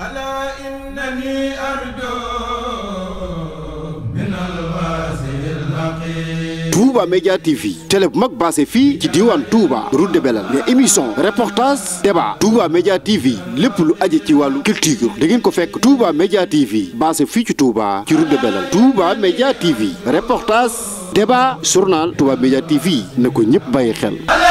ألا إنني أرجو Touba Média TV tele bu mag basé fii ci diwaan Touba route de Belal mais émission reportage débat Touba Média TV lépp lu aje ci wàllu culture da ngeen ko fekk Touba Média TV basé fii ci Touba ci route de Belal Touba Média TV reportage débat journal Touba Média TV na ko ñëpp bàyyi xel.